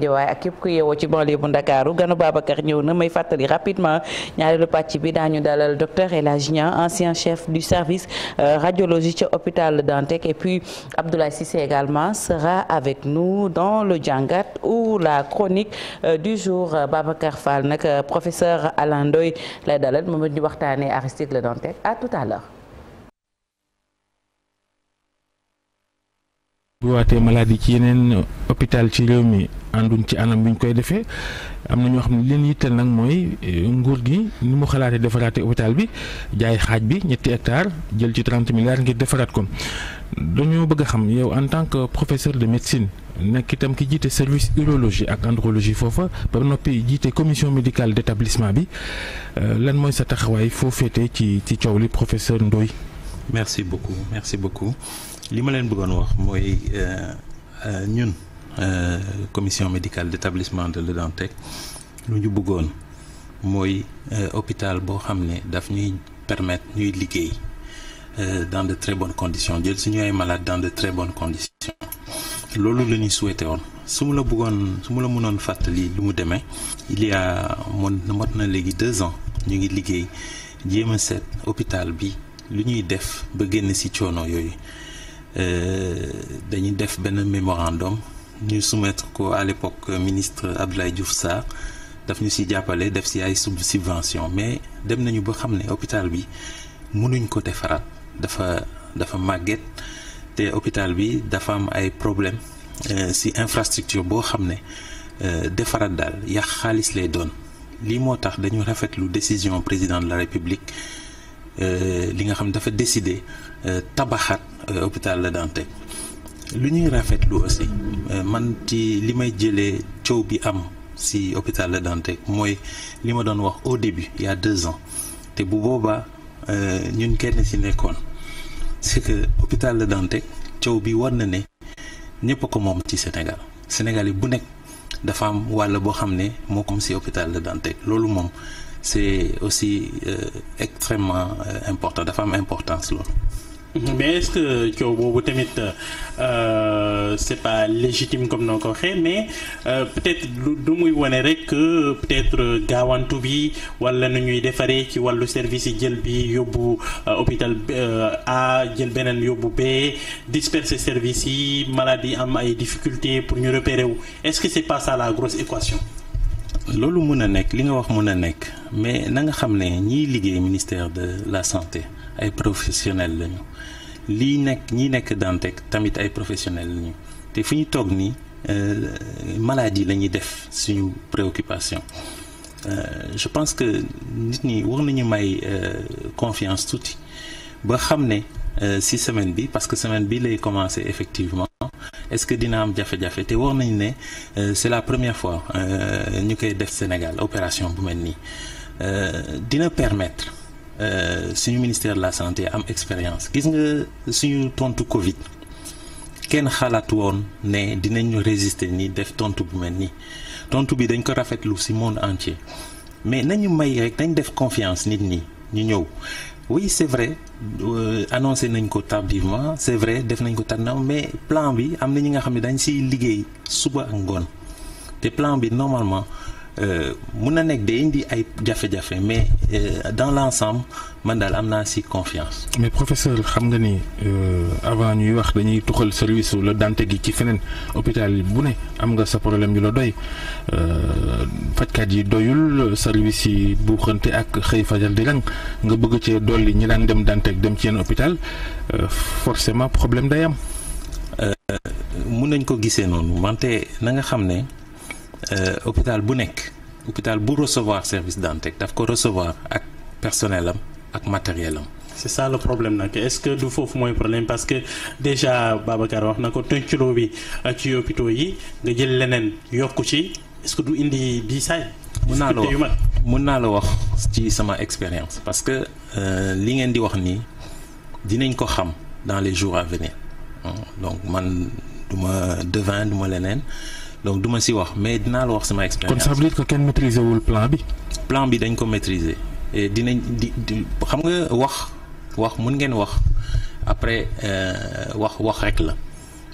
jëwaay ak képp ku yeewoo ci banlieue bu Ndakaaru ganu Babacar ñëw na may fàttali rapidement ñaareelu pàcc bi daañu dalal docteur El Hadji Niang ancien chef du service euh, radiologie ca hôpital Dantec et puis Abdoulaye Cissé également sera avec nu dans le jàngat ou la chronique euh, du jour Babacar Fall nag euh, professeur Alain Ndoye lay dalal moom ñu waxtaanee Aristide Le Dantec à tout à l'heure bu waatee maladie ci yeneen hôpital ci réew mi ànduñ ci anam bi ñu koy defee am na ñoo xam ne li leen yitteel nag mooy eh, nguur gi ni mu xalaatee defaraate hôpital bi jaay xaaj bi ñetti hectare jël ci trente milliards ngir defaraat ko dañoo bëgg a xam yow en tant que professeur de médecine nekk itam ki jiite service urologie ak andrologie foofa ba noppi jiite commission médicale d'établissement bi euh, lan mooy sa taxawaay foo féetee ci ci coow li professeur Ndoye merci beaucoup merci beaucoup. li ma leen bëggoon wax mooy euh, euh, ñun euh, commission médicale d'établissement de Le Dantec lu ñu bëggoon mooy hôpital boo xam ne daf ñuy permettre ñuy liggéey dans de très bonnes conditions jël suñu ay malades dans de très bonnes conditions loolu la ñuy souhaité woon su mu la bëggoon su mu la mënoon fàttali lu mu demee il y a mot mot na léegi deux ans ñu ngi liggéey jéem a seet hôpital bi lu ñuy def ba génn ci coono yooyu Euh, dañuy def benn mémorandum ñu soumettre ko à l'époque euh, ministre Abdoulaye Diouf Sarr daf ñu si jàppale def si ay sub subvention mais dem nañu ba xam ne hôpital bi mënuñ ko defaraat dafa dafa màgget te hôpital bi dafa am ay problème si euh, infrastructure boo xam ne defaraat daal yàq xaalis lay doon lii moo tax dañu rafetlu décision président de la république Euh, li nga xam dafa décidé euh, tabaxat euh, hôpital La Dantec lu ñuy rafetlu aussi man ci li may jëlee coow bi am si hôpital La Dantec mooy li ma doon wax au début il y a deux ans te bu boobaa ñun kenn si nekkoon c'est que hôpital La Dantec coow bi war na ne ñëpp a ko moom ci Sénégal Sénégal yi bu nekk dafa am walla boo xam ne moo ko si hôpital La Dantec loolu moom. c'est aussi euh, extrêmement euh, important dafa am importance loolu. Mhm. mais est-ce que coow boobu tamit euh, c'est pas légitime comme noo ko waxee mais peut-être du muy wane rek que peut-être gaawantu bi walla na ñuy defaree ci wàllu service yi jël bi yóbbu hôpital A jël beneen yóbbu B disperser service yi maladie am ay difficultés pour ñu repérer wu est-ce que c'est pas ça la grosse équation. loolu mun a nekk li nga wax mën a nekk mais na nga xam ne ñiy liggéey ministère de la santé ay professionnels lañu lii nekk ñi nekk Dantec tamit ay professionnels lañu te fi ñu toog nii euh, maladie la ñuy def suñu préoccupation euh, je pense que nit ñi war nañu may euh, confiance tuuti ba xam ne ci semaine bi parce que semaine bi lay commencer effectivement. est-ce que dina am jafe-jafe te wax nañu ne euh, c'est la première fois euh, ñu koy def Sénégal opération bu mel nii euh, dina permettre suñu ministère de la santé am expérience gis nga suñu tontu Covid kenn xalaat woon ne dinañu résister ni def tontu bu mel nii tontu bi dañ ko rafetlu ci monde entier mais nañu may rek nañ def confiance nit ñi ñu ñëw oui c'est vrai euh, annoncé nañ ko tardivement c'est vrai def nañ ko tardivement mais plan bi am na ñi nga xam ne dañ siy liggéey suba ak ngoon te plan bi normalement euh, mun na nekk day indi ay jafe-jafe mais Euh, dans l'ensemble man daal am naa si confiance. mais professeur xam nga ni euh, avant ñuy wax dañuy tuxal service su la dante gi ci feneen hôpital bu ne am nga sa problème yu la doy euh, fajkat yi doyul service yi bu ak xëy fajal di rang nga bëgg cee dolli ñi daan dem dante dem ci yenn hôpital forcément problème day am. mun nañ ko gisee noonu wante nanga xam ne hôpital bu nekk. hôpital bu recevoir service Dantec daf ko recevoir ak personnel am ak matériel am. c'est ça le problème nag est-ce que du foofu mooy problème parce que déjà Babacar wax na ko tënculoo bi ak ci hôpitaux yi nga jël leneen yokku ci est-ce que du indi diisaay. mën naa la wax mën naa la wax ci sama expérience. parce que euh, li ngeen di wax nii dinañ ko xam dans les jours à venir donc man du ma devin du ma leneen. donc duma ma si wax mais dinaa la wax sama expérience. kon ça veut dire kenn maîtriser wul plan bi. plan bi dañ ko maîtriser dinañ di xam nga wax wax mun ngeen wax après euh, wax wax rek la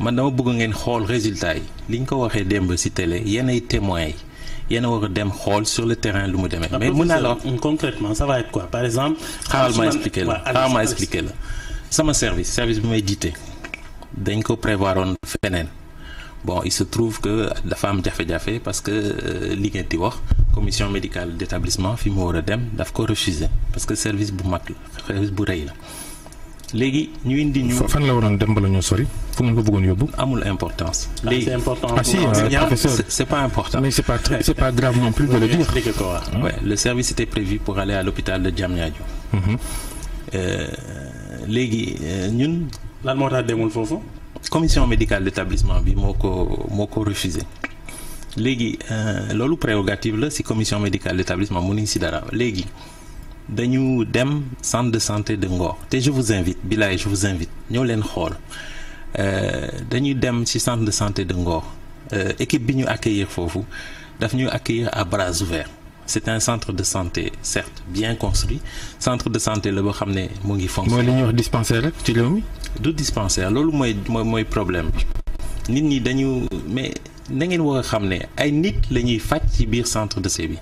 man dama bëgg ngeen xool résultat yi li ñu ko waxee démb si télé yenn ay témoins yi. yéen a war a dem xool sur le terrain lu mu demee. mais mun naa la wax concrètement ça va par exemple. xaaral ma expliqué la xaaral ma la sama service service bi may jiite dañ ko prévoiroon feneen. bon il se trouve que dafa am jafe-jafe parce que euh, li ngeen di wax commission médicale d' établissement fi mu war a dem daf ko refuser parce que service bu mag la service bu rëy la léegi ñu indi ñu. fan la waroon dem ba ñoo sori fu ngeen ko bëggoon yóbbu. amul importance. Ah, léegi c' est important ah si euh, professeur c' est pas important. mais c' est pas c' est pas grave non plus de le service était prévu pour aller à l'hôpital de Diamniadio. Mm-hmm. Euh, léegi ñun. lan moo tax demul foofu. commission médical d'établissement bi moo ko moo ko refusé léegi euh, loolu prérogative la ci commission médicale d'établissement mënuñ si dara léegi dañu dem centre de santé de Ngor te je vous invite bilaay je vous invite ñëw leen xool euh, dañu dem ci centre de santé de Ngor euh, équipe bi ñu accueillir foofu daf ñu accueillir à bras ouverts c'est un centre de santé certes bien construit centre de santé la boo xam ne mu ngi fonctionner. mooy li ñuy wax dispensaire rek ci du dispensaire loolu mooy mooy problème bi nit ñi dañu mais na ngeen war a xam ne ay nit la ñuy faj ci biir centre de santé bi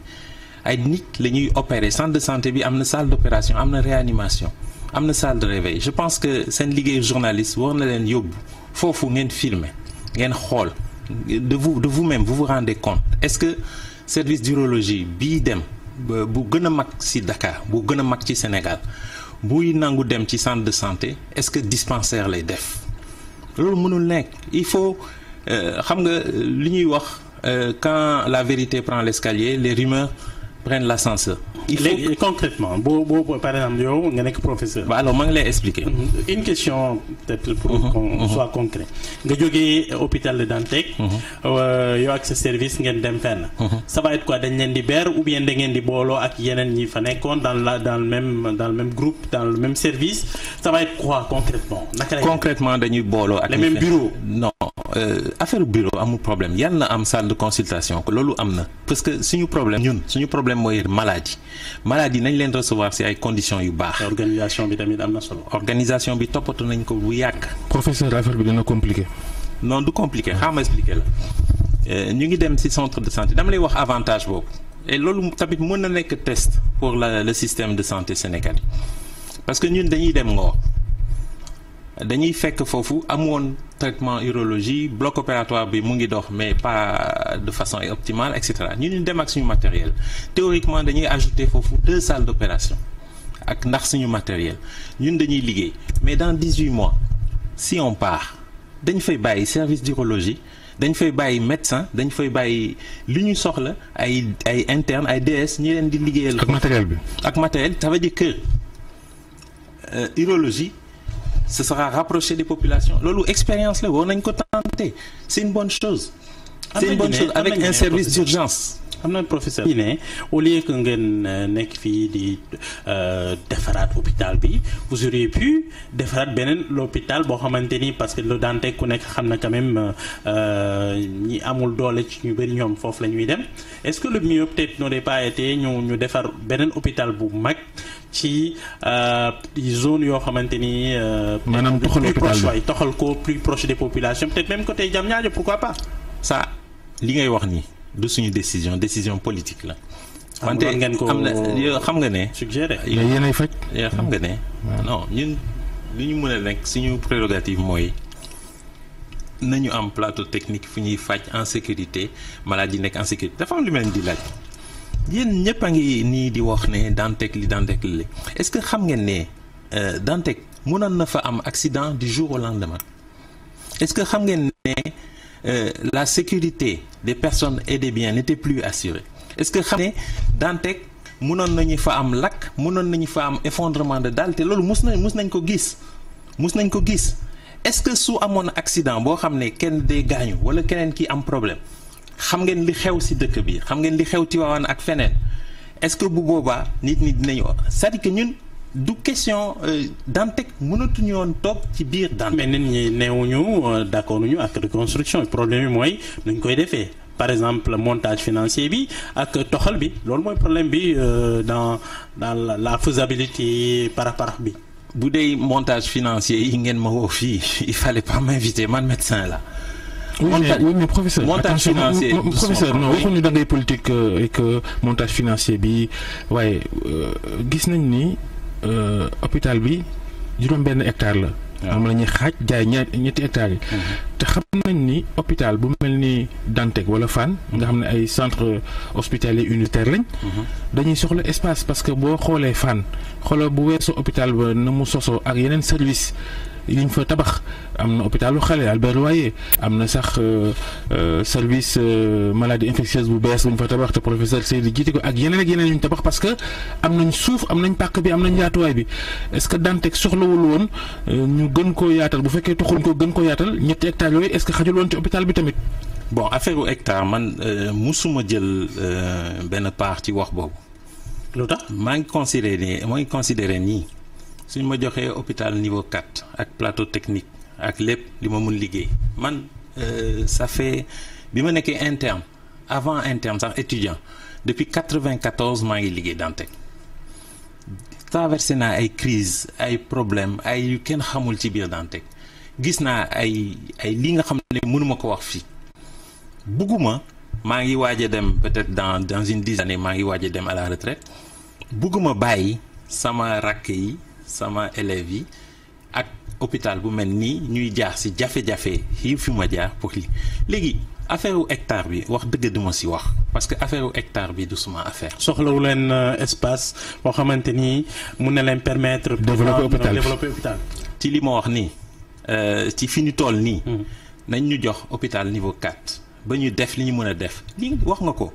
ay nit la ñuy opérer centre de santé bi am na salle d'opération am na réanimation am na salle de réveil je pense que seen liggéey journaliste war na leen yóbbu foofu ngeen filmer ngeen xool de vous de vous-même vous vous rendez compte est-ce que service d'urologie bii dem bu gën a mag ci Dakar bu gën a mag ci Sénégal buy nangu dem ci centre de santé est-ce que dispensaire lay def loolu mënul nekk il faut euh, xam nga li ñuy wax euh, quand la vérité prend l'escalier les rumeurs prennent l'ascenseur léegi concrètement boo boo par exemple yow nga nekk professeur. alors maa ngi lay expliquer. Mm-hmm. une question peut-être pour mm-hmm. qu'on mm-hmm. soit concret nga jógee hôpital de Dantec. Euh, yow ak sa service ngeen dem fenn. ça va être quoi dañ leen di beer ou bien ngeen di booloo ak yeneen ñi fa nekkoon dans la dans le même dans le même groupe dans le même service ça va être quoi concrètement. naka concrètement dañuy booloo ak. les mêmes bureaux Euh, affaire bureau amul problème yàlla na am salle de consultation loolu am na parce que suñu problème ñun suñu problème mooy maladie maladie nañ leen recevoir si ay conditions yu baax. organisation bi tamit am na solo. organisation bi toppatoo nañ ko bu yàgg. professeur affaire bi dina compliqué. non du compliqué xaaral ma expliqué la euh, ñu ngi dem ci centre de santé dama lay wax avantage boobu et loolu tamit mën na nekk test pour la le système de santé sénégalais parce que ñun dañuy dem Ngor. dañuy fekk foofu amoon traitement urologie bloc opératoire bi mu ngi dox mais pas de façon optimale et cetera ñu ñu dem ak suñu matériel théoriquement dañuy ajouter foofu deux salles d'opération ak ndax suñu matériel ñun dañuy liggéey mais dans dix-huit mois si on part dañ fay bàyyi service d'urologie dañu fay bàyyi médecin dañu fay bàyyi li ñu soxla ay ay interne ay DS ñi leen di liggéeyal. ak matériel bi ak matériel ça veut dire que euh, urologie. ce sera rapproché des populations loolu expérience la war nañ ko tenter c'est une bonne chose c'est une bonne chose avec un service d'urgence am na professeur yi ne au lie que ngeen euh, nekk fii di euh, defaraat hôpital bi vous auriez pu defaraat beneen l'hôpital boo xamante ni parce que le Dantec ku nekk xam na quand même euh, ñi amul doole ci ñu bëri ñoom foofu la ñuy dem est-ce que le mieux peut-être n'aurait pas ñu defar beneen hôpital bu mag ci zone yoo xamante ni. maanaam toxal hôpital bi toxal ko plus proche des populations peut-être même côté Diamniadio pourquoi pas. ça li ngay wax nii. du suñu décision décision politique la. wante am na yoo xam nga ne. suggéré yéenay faj. yoo xam nga ne non ñun lu ñu mën a nekk suñu prérogative mooy nañu am plateau technique fu ñuy faj en sécurité maladie nekk en sécurité dafa lu mel di laaj. yéen ñëpp a ngi nii di wax ne Dantec li Dantec li est-ce que xam ngeen ne euh, Dantec mënoon na fa am accident di jour au lendemain est que xam ngeen ne. euh, la sécurité de personnes et des biens n'était plus assurée est-ce que xam ne Dantec mënoon nañu fa am lakk mënoon nañu fa am effondrement de dalle te loolu mus nañ mus nañ ko gis mus nañ ko gis est-ce que su amoon accident boo xam ne kenn day gaañu wala keneen ki am problème xam ngeen li xew ci dëkk bi xam ngeen li xew Tivaouane ak feneen est-ce que bu boobaa nit ñi dinañu cest à ñun du question euh, Dantec mënatuñu woon toog ci biir Dantec. mais nit ñi neewuñu euh, d'accord ñu ak reconstruction problème bi mooy nuñ koy defee. par exemple montage financier bi ak toxal bi loolu mooy problème bi euh, dans dans la faisabilité paraparaf bi. bu dee montage financier yi ngeen ma fii il fallait pas m'inviter man médecin la. Oui, montage mais, oui, mais professeur da ngay politique et financier bi waaye gis nañ ni. Euh, hôpital bi juróom benn hectare la. am la ñuy xaaj jaay ñetti hectares yi. Mhm. te xam nañ ni hôpital bu mel ni Dantec wala Fann. nga mhm. xam ne ay centre hospitalier unitaire lañ. Mhm. dañuy soxla espace parce que boo xoolee Fann xoolal bu weesoo hôpital ba na mu sosoo ak yeneen service yi ñu fa tabax am na hôpitalu xale Albert waaye am na sax euh, euh, service euh, maladie infectieuse bu bees bu ñu fa tabax te professeur Seydi jiiti ko ak yeneen ak yeneen yu tabax parce que am nañ suuf am nañ pàkk bi am nañ yaatuwaay bi est-ce que Dantec soxlawul woon ñu gën koo yaatal bu fekkee taxuñ ko gën koo yaatal ñetti hectares yooyu est-ce que xajul woon ci hôpital bi tamit. bon affaire u hectare man musuma jël benn paax ci wax boobu. lu tax maa ngi considéré nii maa ngi considéré nii. suñ ma joxee hôpital niveau 4 ak plateau technique ak lépp li ma mun liggéey man euh, ça fait bi ma nekkee interne avant interne sax étudiant depuis 94 maa ngi liggéey Dantec traversé naa ay crise ay problème ay kenn xamul ci biir Dantec gis naa ay ay li nga xam ne mënuma ko wax fii bugguma maa ngi waaja a dem peut-être dans dans une dizaine d'années maa ngi waaj a dem à la retraite bugguma bàyyi sama rakk yi sama élèves yi ak hôpital bu mel nii ñuy jaar ci jafe-jafe yi fi ma jaar pour li léegi affaire u hectare bi wax dëgg du ma si wax parce que affaire u hectare bi du suma affaire. soxlawu leen euh, espace boo xamante ni mun na leen permettre. développer hôpital développer hôpital. ci li ma wax nii euh, ci fi ñu toll nii. Hmm. nañ ñu jox hôpital niveau 4 ba ñu def li ñu mën a def li wax nga ko.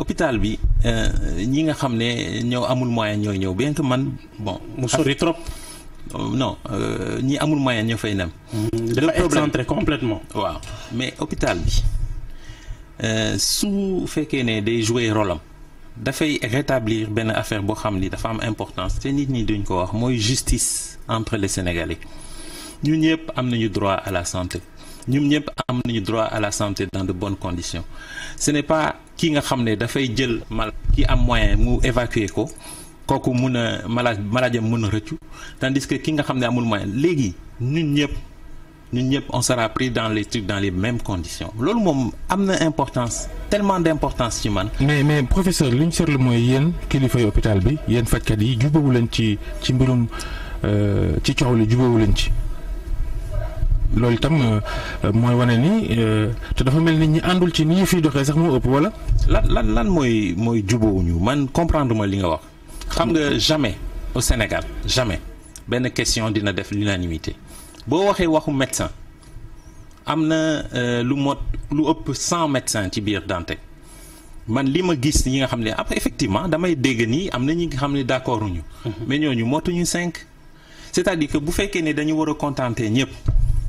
hôpital bi euh, ñi nga xam ne ñoo amul moyen ñooy ñëw bien que man bon. mu sori trop. Euh, non euh, ñi amul moyen ñoo fay nem mmh, dafa excentré complètement waaw mais hôpital bi su fekkee ne day jouer rôle am dafay rétablir benn affaire boo xam ni dafa am importance te nit ñi duñ ko wax mooy justice entre les Sénégalais ñu ñëpp am nañu droit à la santé. ñun ñëpp am nañu droit à la santé dans de bonnes conditions ce n'est pas ki nga xam ne dafay jël mal ki am moyen mu évacuer ko kooku mun a malade malade mun a rëccu tandis que ki nga xam ne amul moyen léegi ñun ñëpp ñun ñëpp on sera pris dans les trucs dans les même conditions loolu moom am na importance tellement d'importance ci man. mais mais professeur li ñu seetlu mooy yéen kilifay hôpital bi yéen fajkat yi jubawu leen ci ci mbirum euh, ci coow li jubawu leen ci. loolu tam euh, euh, mooy wane ni euh, te dafa mel ni ñi àndul ci ni fii doxee sax moo ëpp wala. lan lan lan mooy mooy ñu man comprendre li nga wax. xam nga jamais au Sénégal jamais benn question dina def l'unanimité boo waxee waxu médecin am na lu mot lu ëpp cent médecins ci biir dante man li ma gis ñi nga xam ne après effectivement damay dégg nii am na ñi nga xam ne d'accord ñu mhm. mais ñooñu motuñu cinq cest à di que bu fekkee ne dañu war a contenter ñëpp.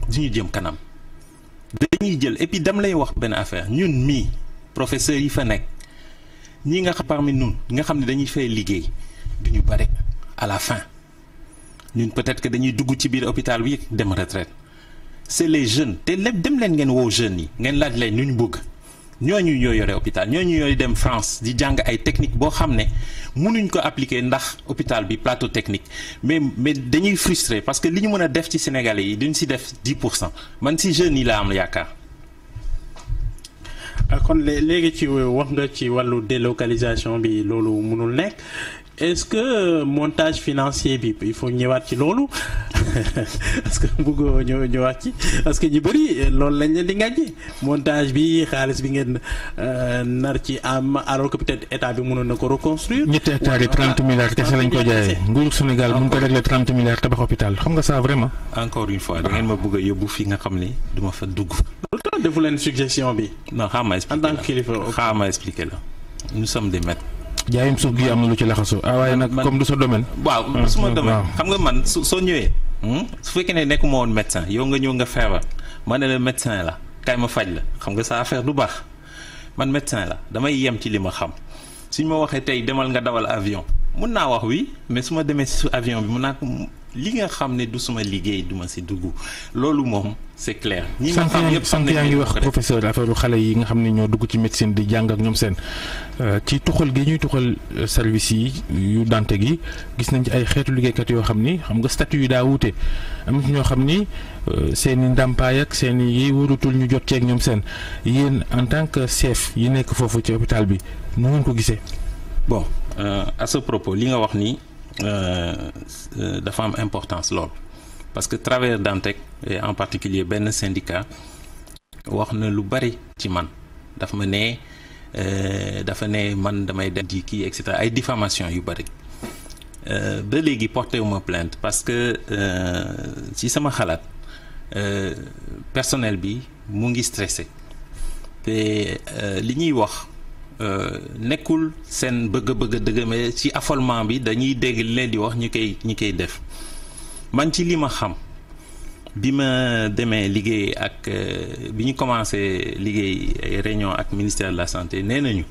duñu jëm kanam dañuy jël et puis dam lay wax benn affaire ñun mii professeurs yi fa nekk ñii nga xam parmi ñun nga xam ne dañuy fay liggéey ñu bare à la fin ñun peut-être que dañuy dugg ci biir hôpital bi dem retraite c'est les jeunes te lépp dem leen ngeen woo jeunes yi ngeen laaj leen ñu ñu bëgg. ñooñu ñooy yore hôpital ñooñu ñooy dem France di jàng ay technique boo xam ne mënuñ ko appliquer ndax hôpital bi plateau technique mais mais dañuy frustré parce que li ñu mën a def ci Sénégalais yi duñ si def 10 pour cent man si jeunes yi laa am yaakaar. Euh, kon léegi ci euh, wax nga ci wàllu délocalisation bi loolu mënul nekk est-ce que euh, montage financier bi il faut ñëwaat ci loolu parce que bëggoo ñëw ci parce que ñu bëri loolu lañ leen di ngàññi montage bi xaalis bi ngeen euh, nar ci am alors que peut-être état bi mënoon na ko reconstruire. ñetti hectares yi 30 milliards kese lañ ko jaayee. nguuru Sénégal mu ngi ko réglé 30 milliards tabax hôpital xam nga ça vraiment. encore une fois da ma bëgg yóbbu fi nga xam ni du ma fa dugg. defu leen suggestion bi. non xaaral ma expliqué la en tant que kilifa xaaral ma expliqué la nous sommes jaayum suuf gi am na lu ci laxasu ah waaye nag comme du sa domaine. waaw suma ah, domaine xam nga man su soo ñëwee. Hmm, su fekkee ne nekkuma woon médecin yow nga ñëw nga feebar ma ne la médecin la kay ma faj la xam nga sa affaire du baax man médecin la damay yem ci li ma xam suñ ma waxee tey demal nga dawal avion mun naa wax oui mais su ma demee si avion bi mun naa ko li nga xam ne du suma liggéey duma ma si dugg loolu moom c'est clair. ñi nga xam yëpp sant yaa ngi wax professeur affaire xale yi nga xam ne ñoo dugg ci médecine di jàng ak ñoom seen euh, ci tuxal gi ñuy tuxal euh, service yi yu dante gi gis nañ ci ay xeetu liggéeykat yoo xam ni xam nga statut yi daa wute am ñoo xam ni euh, seen i ndàmpaay ak seen yi warutul ñu jot ceeg ñoom seen yéen en tant que chef yi nekk foofu ci hôpital bi nu ngeen ko gisee. bon à li nga wax ni. Euh, dafa am importance lool parce que travers Dantec et en particulier benn syndicat wax na lu bari ci man daf ma ne euh, dafa ne man damay dem di kii et cetera ay diffamation yu bari euh, ba léegi porté wu ma plainte parce que ci sama xalaat personnel bi mu ngi stressé te li ñuy wax. Euh, nekkul seen bëgg-bëgg dëgg ci affolement bi dañuy dégg li leen di wax ñi koy ñi koy def man ci li ma xam bi ma demee liggéey ak euh, bi ñu commencé liggéey ay réunion ak ministère de la santé nee nañu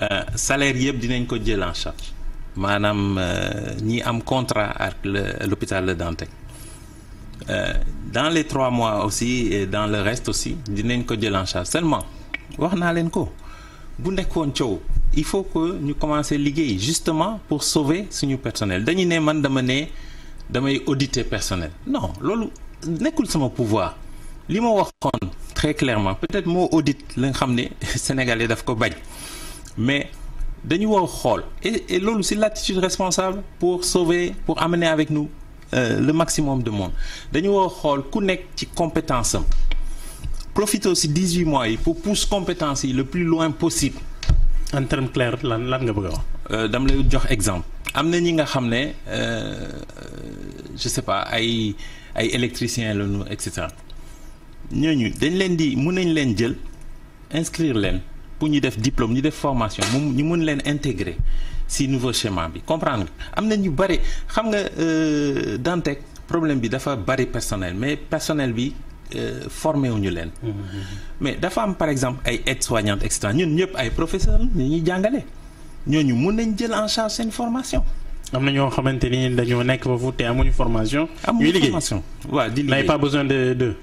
euh, salaire yëpp dinañ ko jël en charge maanaam ñi am contrat ak l'hôpital Le Dantec dans les trois mois aussi dans le reste aussi dinañ ko jël en seulement wax naa leen ko. bu nekkoon coow il faut que ñu commencer liggéey justement pour sauver suñu personnel dañu ne man dama ne damay auditer personnel non loolu nekkul sama pouvoir li ma waxoon très clairement peut-être moo audit la nga xam ne sénégalais daf ko bañ mais dañu war xool loolu c'est l'attitude responsable pour sauver pour amener avec nous euh, le maximum de moom dañu war xool ku nekk ci compétence am profité si 18 mois yi pour pousser compétence yi le plus loin possible. en terme clair lan lan nga bëgg a wax. Euh, dama lay jox exemple. am na ñi nga xam ne euh, je sais pas ay ay électriciens lañu et ñooñu dañ leen di mun nañ leen jël inscrire leen pour ñu def diplôme ñu def formation mu ñu mun leen intégrer si nouveau schéma bi comprendre am na ñu bëri xam nga euh, Dantec problème bi dafa bëri personnel mais personnel bi. Euh, formé wuñu leen. Mmh, mmh, mmh. mais dafa am par exemple ay aides-soignantes et cetera ñun ñëpp ay professeurs ñu ñuy jàngale ñooñu mun nañ jël en charge seen formation. am na ñoo xamante ni dañoo nekk foofu te amuñu formation. amuñu formation waaw di liggéey pas besoin de de.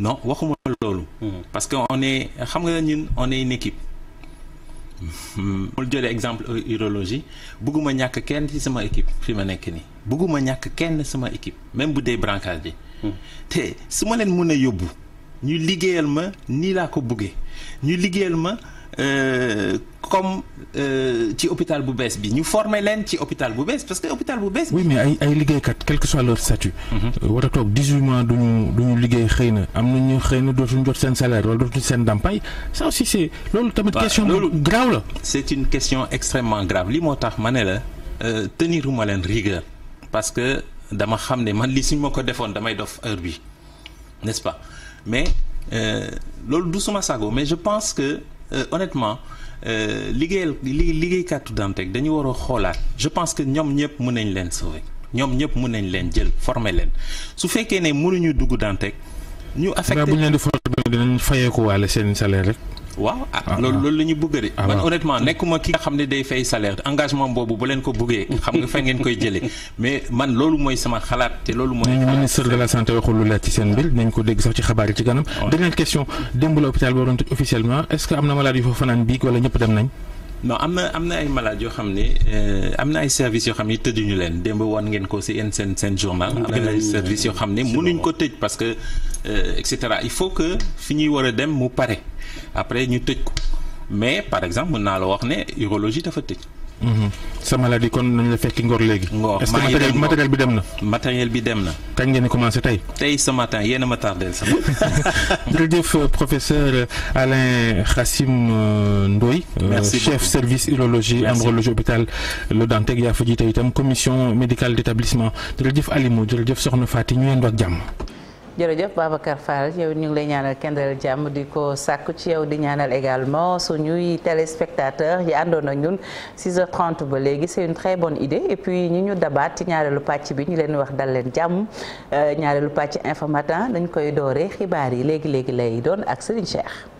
non waxuma loolu. parce que on xam nga ñun on est une équipe. mul jëlee exemple euh, urologie bëgguma ñàkk kenn ci sama équipe fi ma nekk nii bëgguma ñàkk kenn sama équipe même bu dee brancard yi te su ma leen mun a yóbbu ñu liggéeyal ma nii laa ko buggee ñu liggéeyal ma euh, comme euh, ci hôpital bu bees bi ñu former leen ci hôpital bu bees parce que hôpital bu bees. oui mais ay ay liggéeykat quel que soit leur statut. Mm-hmm. war a toog 18 mois du ñu liggéey xëy na am nañu xëy na dootuñu jot seen salaire wala dootuñu seen ndàmpaay ça aussi c' est loolu tamit question. loolu la. c' une question extrêmement grave li moo tax ma ne la euh, teniruma leen rigueur parce que. dama xam ne man li suñ ma ko defoon damay dof heure bi n'est-ce pas mais euh, loolu du suma sago mais je pense que euh, honnêtement euh, liggéeyal li liggéeykatu Dantec dañu war a xoolaat je pense que ñoom ñëpp mën nañ leen sauver ñoom ñëpp mun nañ leen jël former leen su fekkee ne mënuñu dugg Dantec ñu affecté bu ñu leen di former dinañ fayeeku waale seen salaire rek waaw ah, ah loolu ah. loolu la ñu bëgg de man honnêtement nekkuma ki nga xam ne day fay salaire engagement boobu bu leen ko bëggee xam nga fa ngeen koy jëlee mais man loolu mooy sama xalaat te loolu mooy mm, ministre de la santé waxul lu leer ci seen mbir nañ ko dégg sax ci xabaar yi ci kanam dernière question démb la hôpital ba waroon tëj officiellement est-ce que am na malade yu fa fanaan biig wala ñëpp dem nañ non am na am na ay malades yoo xam ne euh, am na ay services yoo xam ne tëjuñu leen démb wan ngeen ko si yéen seen seen journal. am ay services yoo xam ne mënuñ ko tëj parce que euh, et cetera il faut que fi ñuy war a dem mu pare après ñu tëj ko mais par exemple mën naa la wax ne urologie dafa tëj. Mhm. sa maladie kon nañ la fekki ngor léegi. ngor est-ce que matériel bi dem na. matériel bi dem na. kañ ngeen commencé tey. tey ce matin yéen a ma tardé sama. jëf euh, professeur euh, Alain Khassim euh, Ndoye. merci chef service urologie andrologie hôpital Le Dantec yaa fa jiite itam commission médicale d'établissement jërëjëf Alimo jëf Soxna Fati ñu yendu ak jàmm. jërëjëf Babacar Fall yow ñu ngi lay ñaanal kenn dalal jàmm di ko sàkku ci yow di ñaanal également suñuy téléspectateurs yi àndoon ak ñun 6 h ba léegi c'est une très bonne idée et puis ñi ñu dabaat ci ñaareelu pàcc bi ñu leen wax dal leen jàmm euh, ñaareelu pàcc information Matin dañ koy dooree xibaar yi léegi léegi lay doon ak Serigne Cheikh.